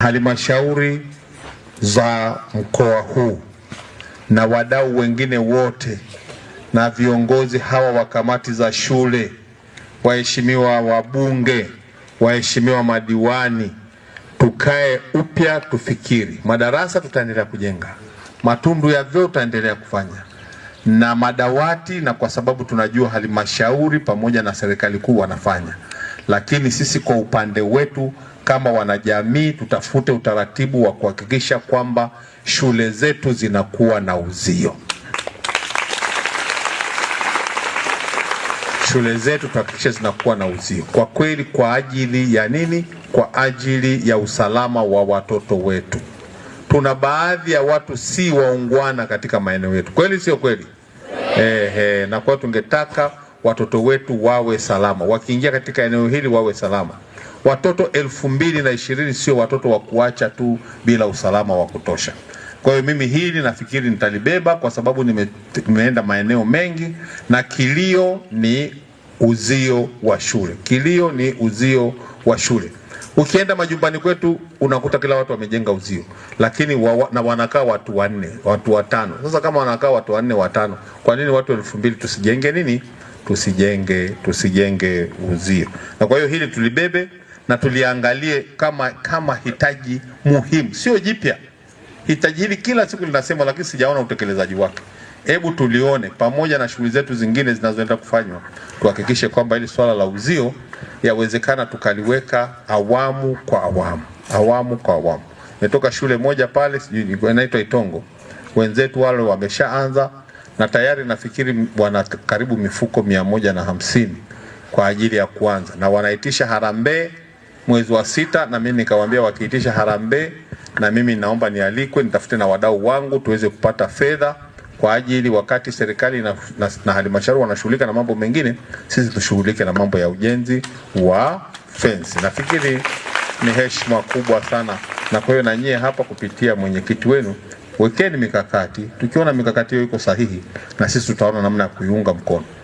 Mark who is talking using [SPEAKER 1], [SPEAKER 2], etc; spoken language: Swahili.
[SPEAKER 1] halmashauri za mkoa huu na wadau wengine wote na viongozi hawa wa kamati za shule, waheshimiwa wabunge, waheshimiwa madiwani, tukae upya, tufikiri. Madarasa tutaendelea kujenga, matundu ya vyoo tutaendelea kufanya na madawati, na kwa sababu tunajua halmashauri pamoja na serikali kuu wanafanya, lakini sisi kwa upande wetu kama wanajamii tutafute utaratibu wa kuhakikisha kwamba shule zetu zinakuwa na uzio. Shule zetu tuhakikishe zinakuwa na uzio kwa kweli. Kwa ajili ya nini? Kwa ajili ya usalama wa watoto wetu. Tuna baadhi ya watu si waungwana katika maeneo yetu, kweli sio kweli? Ehe, na kwa tungetaka watoto wetu wawe salama, wakiingia katika eneo hili wawe salama watoto elfu mbili na ishirini sio watoto wa kuacha tu bila usalama wa kutosha. Kwa hiyo mimi hili nafikiri nitalibeba kwa sababu nime, nimeenda maeneo mengi na kilio ni uzio wa shule. Kilio ni uzio wa shule. Ukienda majumbani kwetu unakuta kila watu wamejenga uzio, lakini wa, na wanakaa watu wanne, watu watano. Sasa kama wanakaa watu wanne watano, kwa nini watu elfu mbili tusijenge nini? Tusijenge, tusijenge uzio. Na kwa hiyo hili tulibebe na tuliangalie kama, kama hitaji muhimu, sio jipya. Hitaji hili kila siku linasema, lakini sijaona utekelezaji wake. Hebu tulione pamoja na shughuli zetu zingine zinazoenda kufanywa, tuhakikishe kwamba ili swala la uzio yawezekana tukaliweka awamu kwa awamu, awamu kwa awamu. Imetoka shule moja pale, sijui inaitwa Itongo, wenzetu wale wameshaanza na tayari nafikiri wana karibu mifuko mia moja na hamsini kwa ajili ya kuanza, na wanaitisha harambee mwezi wa sita, na mimi nikawaambia wakiitisha harambee na mimi naomba nialikwe, nitafute na wadau wangu tuweze kupata fedha kwa ajili wakati serikali na, na, na halmashauri wanashughulika na mambo mengine, sisi tushughulike na mambo ya ujenzi wa fence. Nafikiri ni heshima kubwa sana, na kwa hiyo na nyie hapa kupitia mwenyekiti wenu wekeni mikakati. Tukiona mikakati hiyo iko sahihi, na sisi tutaona namna ya kuiunga mkono.